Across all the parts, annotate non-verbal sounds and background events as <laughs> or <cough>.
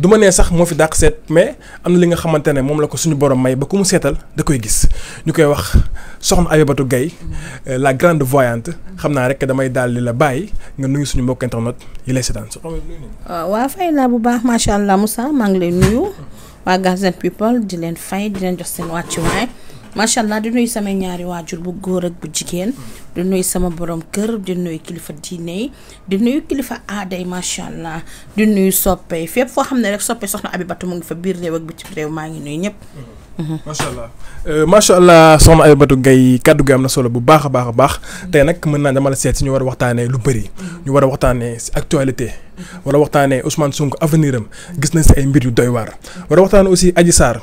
duma ne sax mo fi dàq set mais amna na li nga xamantene mom la ko suñu borom may ba kumu setal da koy gis ñu koy wax soxna Abibatou gay euh, la grande voyante xamna naa rek damay daal di la bàyyi nga nuyu suñu mbok internet yi lay seetaan so ah, fay la bu baax macha allah Moussa ngi lay nuyu wa gazette People di len fay di len jox sen wàccuwaay macha machallah di nuyu sama ñaari waajur bu góor ak bu jigéen di nuyu sama borom kër di nuyu kilifa diine di nuyu kilifa aaday macha allah di nuyu soppe fépp fo xam rek soppe soxna batou mo ngi fa bir rew ak bitim rew ma ngi nuyu ñëpp. Mm-hmm. Mm-hmm. macha allah euh, macha allah soxna Aïbatou Gaye kàddu na solo bu baax a baax mm-hmm. tay nak mën na dama la sét ñu war a lu bari ñu war a actualité wala Ousmane Sonko avenir gis na ci ay mbir yu doy war wara aussi Adji Sarr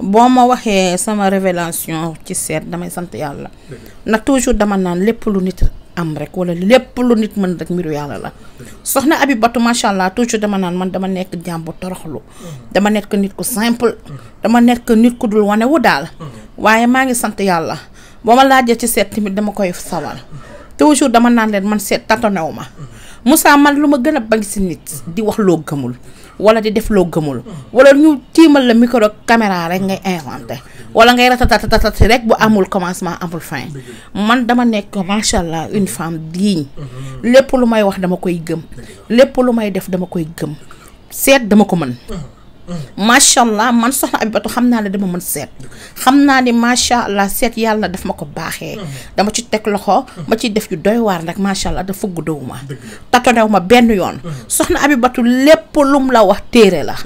boo ma waxee sama révélation ci seet damay sant yàlla ndax toujours dama naan lépp lu nit am rek wala lépp lu nit mën rek mbiru yàlla la soxna Abi Batu macha allah toujours dama naan man dama nekk jàmbu toroxlu mmh. dama nekk nit ku simple mmh. dama nekk nit ku dul wane wu daal mmh. waaye maa ngi sant yàlla boo ma laajee ci seet tamit dama koy sawal toujours dama naan leen man seet tatonew ma Moussa man lu ma gën a bañ si nit di wax loo gëmul wala di def loo gëmul wala ñu tiimal la micro caméra rek ngay inventé wala ngay ratatatatati rek bu amul commencement amul fin man dama nekk macha allah une femme digne lépp lu may wax dama koy gëm lépp lu may def dama koy gëm seet dama ko mën macha allah man soxna Abibatu xam naa ne dama mën seet. xam naa ni macha allah seet yàlla daf ma ko baaxee. dama ci teg loxo. ma ciy def yu doy waar nag macha allah dafa guddawu ma. tatonew ma benn yoon. soxna Abibatu lépp lum la wax téere la.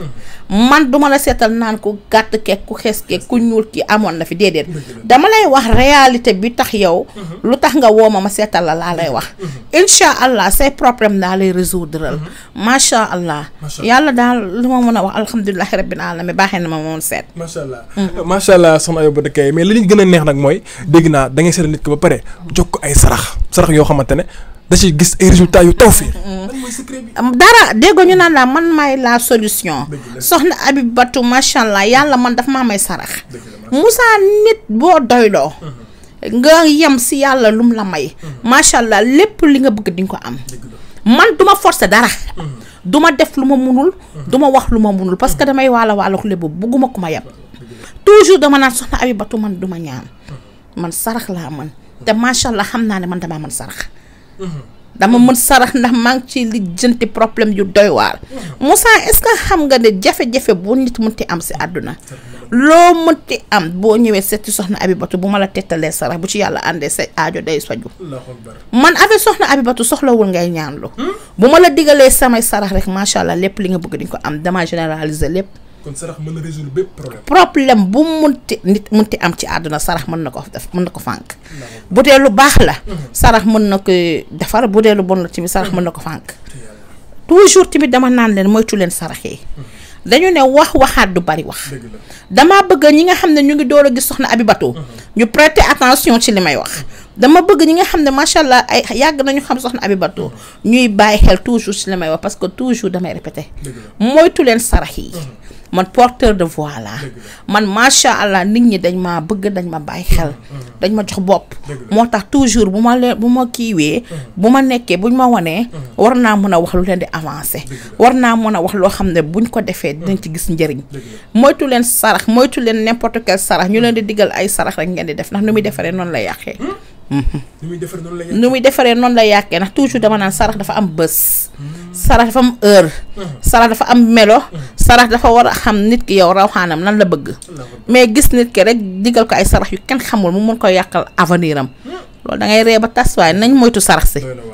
man duma la seetal naan ku gàtt ku xees keeg ku ñuul ki amoon na fi déedéet. dama lay wax réalité bi tax yow. Mhm. lu tax nga woo ma ma seetal la laa lay wax. Mhm. Mhm. incha allah problème daa lay résoudre. macha allah. yàlla daal li ma mën a wax alhamdulilah alhamdulilah rabbil alamin baaxee na ma moom seet. macha allah mm-hmm. macha allah soxna Awa Bada mais li gën a neex nag mooy dégg naa da ngay seet nit ko ba pare jox ko ay sarax sarax yoo xamante ne. da ciy gis ay résultats yu taw fii. Mm-hmm. dara déggoo ñu naan la man may la solution. soxna abi Batou macha allah yàlla man daf maa may sarax. Moussa nit boo doyloo. Mm-hmm. nga yem si yàlla lu lum la may. macha allah lépp li nga bëgg di ko am. man duma forcer dara. du ma def lu ma munul mhm. du ma wax lu ma munul parce que mhm. damay waalo waalax boobu bëgguma ko ma yab toujours dama naan soxna Abi Batu man du ma ñaan mhm. man sarax laa man te macha allah xam naa ne man damaa man sarax dama mën sarax ndax maa ngi ci lijjanti problème yu doy waar Moussa est xam nga ne jafe-jafe bu nit mënti am si àdduna loo mënti am boo ñëwee seeti soxna Abibatu bu ma la tettalee sarax bu ci yàlla àndee sa aajo day soju man amee soxna Abibatu soxlawul ngay ñaan ñaanlu hmm? bu ma la digalee samay sarax rek macha allah lépp li nga bëgg di ko am dama généraliser lépp kon sarax mën bépp problème. problème bu munti nit munti am ci àdduna sarax mën na ko def mën na ko fànq. bu dee lu baax la. Mhm. sarax mën na ko defar bu dee lu bon la timi sarax mhm. mën na ko fànq. toujours tamit dama naan leen moytu leen sarax yi. Mhm. dañu ne wax waxaat du bari wax. dama bëgg ñi nga xam ne ñu ngi door a gis soxna Abibatou. ñu prêter attention ci li may wax. dama bëgg ñi nga xam ne macha allah ay yàgg nañu xam soxna Abibatou ñuy bàyyi xel toujours ci li may wax parce que toujours damay répéter. moytu leen sarax yi. man porteur de voix laa man macha allah nit ñi dañ ma bëgg dañ ma bàyyi xel dañ ma jox bopp moo tax toujours bu ma leen bu ma kiiwee bu ma nekkee buñ ma wanee war naa mën a wax lu leen di avancé war naa mën a wax loo xam ne buñ ko defee dinañ ci gis njëriñ moytu leen sarax moytu leen n'importe quel sarax ñu leen di diggal ay sarax rek ngeen di def ndax nu muy defaree noonu la yàqee hmm? mhm. nu muy defaree noonu la yàqee ndax toujours dama naan sarax dafa am bës hmm. sarax dafa am heure mhm. sarax dafa am melo mhm. sarax dafa war a xam nit ki yow rawxaanam lan la bëgg mais gis nit ki rek digal ko ay sarax yu kenn xamul mu mën ko yàqal avenir am hmm. da ngay ree ba tas nañ moytu si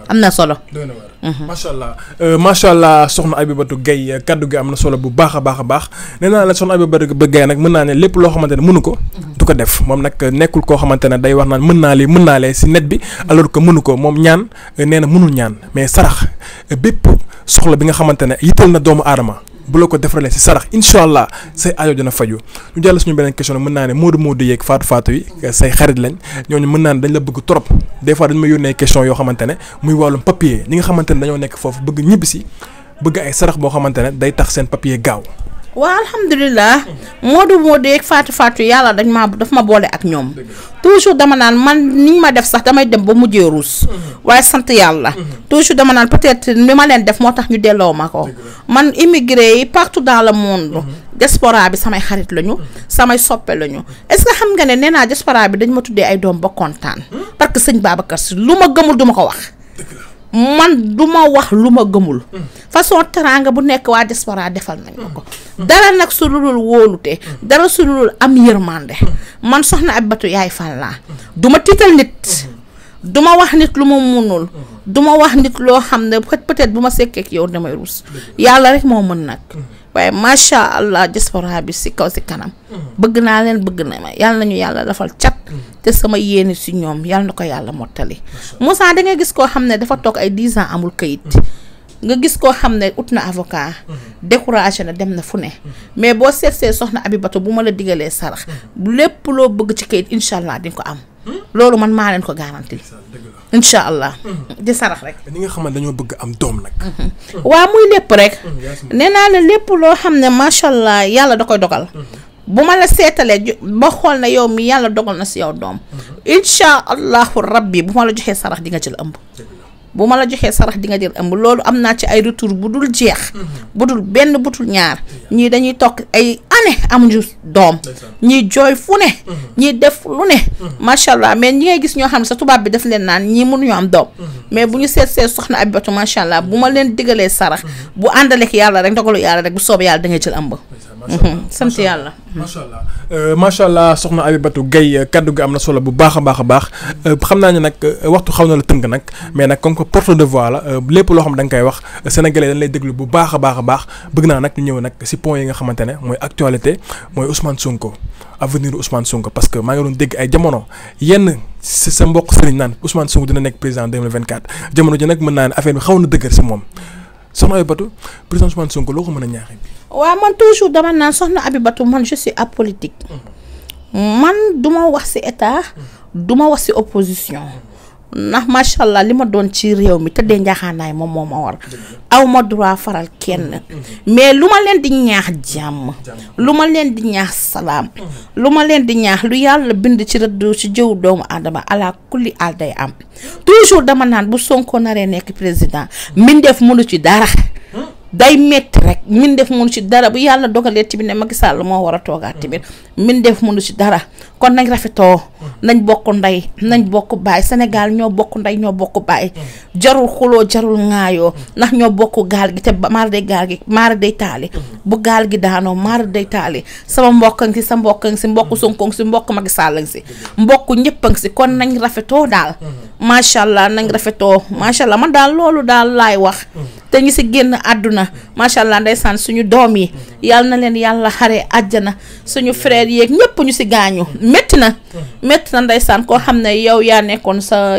am na solo doy na waar mhm. macha allah euh, macha allah soxna Abibatu Gaye kaddu gi am na solo bu baax a baax a baax nee naa la soxna Abibatu Gaye nag mën naa ne lépp loo ko du ko def mom nak nekul koo xamante ne day wax naan mën naa lii mën munuko, lee si net bi alors que mënu ko ñaan ñaan mais sarax soxla bi nga xamante ne yitteel na doomu aadama bu la ko defaralee si sarax incha allah say aajo dina faju ñu jàll suñu beneen question mën naa ne moodu moodu yeeg faatu faatu yi say xarit lañ ñooñu mën naa ne dañ la bëgg trop des fois dañ ma yónnee question yoo xamante ne muy wàllum papier ñi nga xamante ne dañoo nekk foofu bëgg ñibbisi bëgg ay sarax boo xamante ne day tax seen papier gaaw waa alhamdulilah Modou Modou yeeg Fatou Fatou yàlla dañ ma daf ma boole ak ñoom toujours dama naan man niñ ma def sax damay dem ba mujjee ruus waaye sant yàlla toujours dama naan peut-être li ma leen def moo tax ñu delloo ma ko man immigré yi partout dans le monde diaspora bi samay xarit lañu samay soppe lañu est-ce que xam nga ne nee naa diaspora bi dañ ma tuddee ay doom bokkontaan kontaan parce que sëñ Babacar Si lu ma gëmul duma ko wax man du ma wax lu ma gëmul façon teraanga bu nekk waa desporaa defal nañ ma ko dara nag su dulul wóolute dara su dulul am yërmande man soxna batu yaay Fall laa du ma tiital nit du ma wax nit lu ma munul du ma wax nit loo xam ne peut-être bu ma sekkee yow damay ruus yàlla rek moo mën nag waaye macha allah diaspora bi si kaw si kanam. Mm-hmm. bëgg naa leen bëgg na ma yàlla nañu yàlla dafal cat. Mm-hmm. te sama yéene si ñoom yàlla na ko yàlla mottali. Moussa da nga gis koo xam ne dafa toog ay dix ans amul kayit. Mm-hmm. nga gis koo xam ne ut na avocat. découragé na dem na fu ne. mais boo seet see soxna Abibato bu ma la digalee sarax. lépp loo bëgg ci kayit incha allah di ko am. Hmm? loolu man maa leen ko garanti. incha allah. di sarax rek. ni nga xamante dañoo bëgg am doom nag. Mm-hmm. waa muy lépp rek. Mm-hmm, nee naa la lépp loo xam ne macha allah yàlla da koy dogal. Mm-hmm. bu ma la seetalee ba xool ne yow mi yàlla dogal na si yow doom. incha allahu rabbi bu ma la joxee sarax di nga jël ëmb. bu ma la joxee sarax di nga jël ëmb loolu am naa ci ay retour bu dul jeex mm-hmm. bu dul benn butul ñaar ñii dañuy toog ay année amuñu doom ñii jooy fu ne mm-hmm. ñii def lu ne mm-hmm. macha allah mais ñi ngay gis ñoo xam ne sa tubaab bi daf leen naan ñii mënuñu am doom mais bu ñu seet seet soxna Abibatu macha allah bu ma leen digalee sarax bu àndalek yàlla rek ndogalu yàlla rek bu soob yàlla da nga jël ëmb <laughs> sant yàlla Mhm. mashallah allah macha Batu, soxna un kaddu solo bu baax a baax a un peu euh, waxtu la mais comme que porte de voix la euh, xam euh, sénégalais dañ lay déglu bu a si point yi nga actualité moy Ousmane Sonko avenir Ousmane parce que jamono yenn sa Ousmane Sonko dina président 2024 ji soxna Abibatou président Ousmane Sonko loo ko mën a ñaaxee. waaw man toujours dama naan soxna Abibatou man je suis apolitique. Mm-hmm. man duma wax ci état. Mm-hmm. duma wax ci opposition. ndax macha allah li ma doon ci réew mi tëddee njaaxaanaay moom moo ma war aw ma droit faral kenn mais lu ma leen di ñaax jàmm lu ma leen di ñaax salaam lu ma leen di ñaax lu yàlla bind ci rëdd ci jëw doomu aadama ala kulli al day am toujours dama naan bu sonkoo naree nekk président mbindeef mënu ci dara day metti rek min def mënu ci dara bu yàlla dogalee tamit ne Macky Sall moo war a toogaat tamit min def mënu ci dara kon nañ rafetoo nañ bokk ndey nañ bokk baay senegal ñoo bokk ndey ñoo bokk baay jarul xuloo jarul ŋaayoo ndax ñoo bokk gaal gi te maara day gaal gi maara day taali bu gaal gi daanoo maara day taali sama mbokk ngi sa mbokk ngi si mbokk Sonko ngi si mbokk Macky Sall ngi si mbokk ñëpp a ngi si kon nañ rafetoo daal macha allah nañ rafetoo macha allah man daal loolu daal laay wax te ñi si génn àdduna macha allah ndeysaan suñu doom yi yàlla na leen yàlla xare àjjana suñu frère yéeg ñëpp ñu si gaañu métti na métti na ndeysaan koo xam ne yow yaa nekkoon sa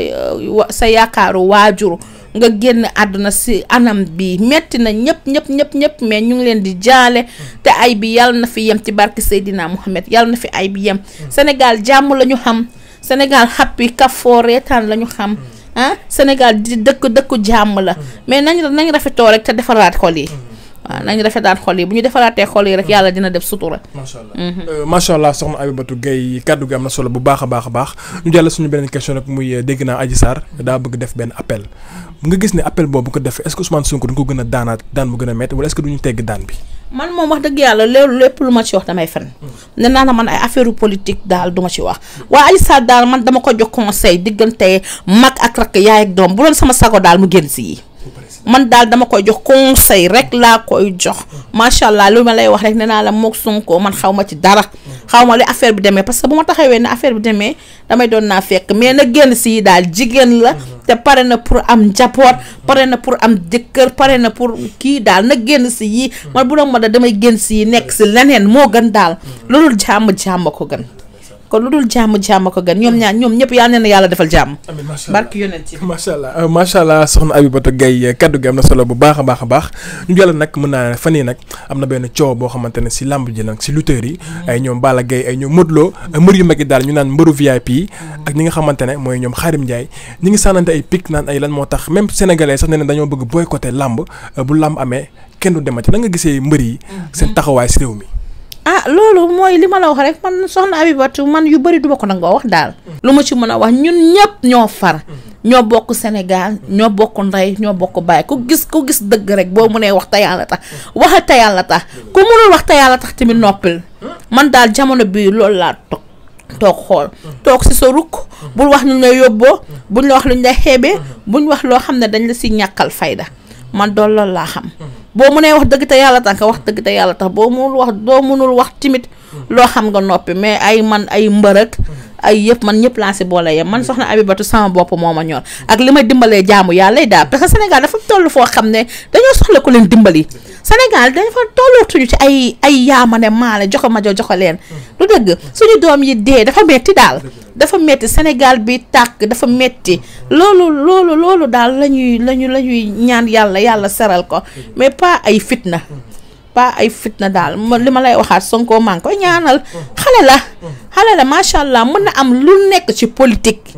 sa yaakaaru waajur nga génn àdduna si anam bi metti na ñëpp ñëpp ñëpp ñëpp mais ñu ngi leen di jaale te ay bi yàlla na fi yem ci barke Seydina Mouhamed yàlla na fi ay bi yem Sénégal jàmm la ñu xam Sénégal happy kafoo reetaan la ñu xam mm. ah Sénégal di dëkk dëkku jàmm la mm. mais nañ nañ rafetoo rek te defaraat xol yi mm. waaw nañu rafetaan xol yi bu ñu defaraatee xol yi rek yàlla dina def sutura. macha allah mm-hmm. euh, macha allah soxna Abibatou Gueye kàddu gi am na solo bu baax a baax baax ñu jàll suñu beneen question nag muy euh, dégg naa Adji Sarr daa bëgg def benn appel nga gis ne appel boobu ko def est-ce que Ousmane Sonko ko gën daanaat daan bu gën a wala est-ce que man moom wax dëgg yàlla loolu lépp lu ma ci wax damay fen mm. ne naa na man ay affaire politique daal du ma ci wax waaye Adji Sarr daal man dama ko jox conseil diggante mag ak rakk yaay ak doom bu doon sama sago daal mu génn si yi man daal dama koy jox conseil rek laa koy jox macha allah lu ma lay wax rek nee naa la moog Sonko man xaw ma ci dara xaw ma li affaire bi demee parce que bu ma taxawee ne affaire bi demee damay doon naa fekk mais na génn si daal jigéen la te pare na pour am njaboot pare na pour am jëkkër pare na pour kii daal na génn si yii man bu doon ma damay génn si yi nekk si leneen moo gën daal loolu jàmm jàmm ko gën kon lu dul jàmm jàmm ko gën ñoom ñaar ñoom ñëpp yaa na yàlla defal jàmm. amiin macha allah barke yonent yi macha allah euh, macha allah soxna Abibata Gaye euh, gi am na solo bu baax a baax a baax ñu jàll nag mën naa fan yii nag am na benn coow boo xamante ne si làmb ji nag si lutteurs yi. Mm-hmm. ay ñoom Balla Gaye ay ñoom Modou Lo mbër yu mag yi daal ñu naan mbëru VIP yi mm-hmm. ak ñi nga xamante ne mooy ñoom Xarim Ndiaye ñi ngi sànnante ay pic naan ay lan moo tax même sénégalais sax ne ne dañoo bëgg boycotter làmb euh, bu làmb amee kenn du demati na nga gisee mbër yi mm-hmm. seen taxawaay si mi ah lolu moy lima la wax rek man soxna abi batu man yu bari duma ko nangoo wax dal luma ci meuna wax ñun ñepp ño far ño kugis senegal ño bokku nday ño bokku bay ku gis ku gis deug rek boo mënee wax ta yalla tax wax ta yalla tax ku mënul wax ta yalla tax timi noppil man dal jamono bi loolu la tok tok xol tok si so ruk bul wax ñu la yobbo buñ la wax luñ la xébé buñ wax lo xamne dañ la ci fayda man do la xam boo mënee wax dëgg te yàlla tax nga wax dëgg te yàlla tax boo mënul wax doo mënul wax timit loo xam nga noppi mais ay man ay mbërëg ay yëpp man ñëpp laa si boole yem man soxna Abibatu sama bopp moo ma ñor ak li ma dimbalee jaamu yàlla daal parce que Sénégal dafa toll foo xam ne dañoo soxla ku leen dimbali Sénégal dafa tollootuñu ci ay ay yaamane maale joxe ma joxe leen. Mm-hmm. lu dëgg suñu doom yi dee dafa metti daal. dafa metti Sénégal bi tàkk dafa metti mm-hmm. loolu loolu loolu daal la ñuy ñaan yàlla yàlla seral ko mais pas ay fitna. Mm-hmm. pas ay fitna daal li ma lay waxaat Sonko maa ngi koy ñaanal. xale la. xale la macha allah mën na am lu nekk ci politique.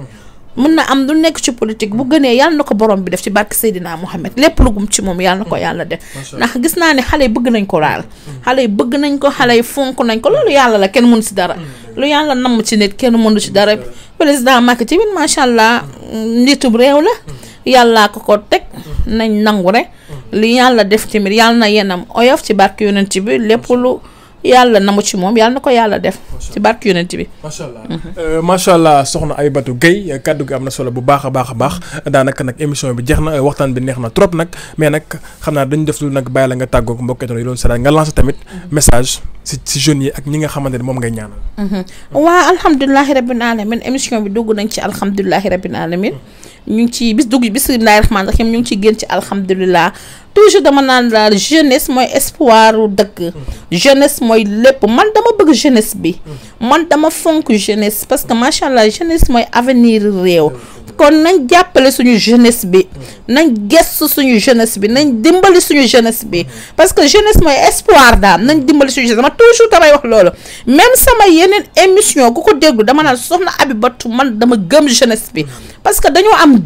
mën na am lu nekk ci politique bu gënee yàlla na ko borom bi def ci barke Seydina Mohamed lépp lu gum ci moom yàlla na ko yàlla def ndax gis naa ni xale yi bëgg nañ ko laal mm. xale yi bëgg nañ ko xale yi fonk nañ ko loolu yàlla la kenn mënu si dara mm. lu yàlla namm ci nit kenn mënu ci dara président Macky tamit macha allah mm. nitub réew la yàllaa ko ko teg nañ nangu rek li yàlla def tamit yàlla na yenam oyof ci barke yonent bi lépp lu yàlla namu ci moom yàlla na ko yàlla def. ci barke yonent bi. macha allah mhm. euh, macha allah soxna Aïbatou Gueye gi am na solo bu baax a baax a baax daanaka nag émission bi jeex na waxtaan bi neex na trop nag mais nag xam naa dañu def lu nag bàyyi la nga tàggoog mbokk yi doon saraat nga lancé tamit mhm. message. si si jeunes yi ak ñi nga xamante ne moom ngay ñaanal. Mhm. waa alhamdulilahi rabbil alamin émission bi dugg nañ ci alhamdulilahi rabbil alamin ñu ngi ci bis dugg bismillahi rahmaani rahim ñu ngi ciy génn ci alhamdulilah toujours dama naan la jeunesse mooy espoir u dëkk jeunesse mooy lépp man dama bëgg jeunesse bi man dama fonk jeunesse parce que macha allah jeunesse mooy avenir réew kon nañ jàppale jeunes jeunesse bi nañ pas suñu jeunesse bi nañ dimbali jeunesse bi parce que jeunesse moi espoir nañ dimbali suñu jeunesse toujours même sama émission pas jeunesse parce que nous am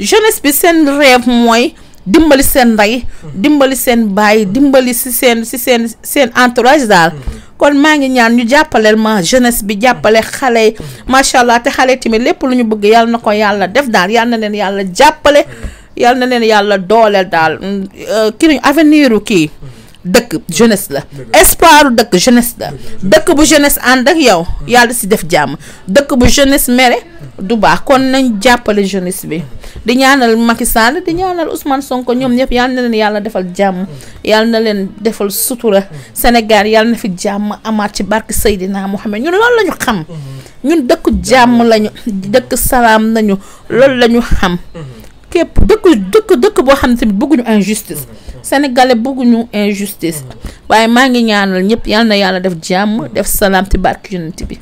jeunesse rêve dimbali dimbali dimbali entourage kon maa ngi ñaan ñu jàppaleel ma jeunesse bi jàppale xale yi macha allah te xale tamit lépp lu ñu bëgg yàlla na ko yàlla def daal yàlla na leen yàlla jàppale yàlla na leen yàlla dooleel daal mm, euh, kii avenir kii. dëkk jeunesse la espoiru dëkk jeunesse la dëkk bu jeunesse ànd ak yow yàlla si def jàmm dëkk bu jeunesse mere du baax kon nañ jàppale jeunesse bi di ñaanal Macky Sall di ñaanal Ousmane Sonko ñoom ñëpp yal na leen yàlla defal jàmm yal na leen defal sutura Sénégal yal na fi jàmm amaat ci barke Seydina Mohamed ñun loolu la ñu xam ñun dëkk jàmm lañu dëkk salaam nañu loolu lañu xam képp dëkk dëkk dëkk boo xam ne tamit bëgguñu injustice sénégalais bëgguñu injustice mm-hmm. waaye maa ngi ñaanal ñëpp yàlla na yàlla def jàmm def salaam ci barke bi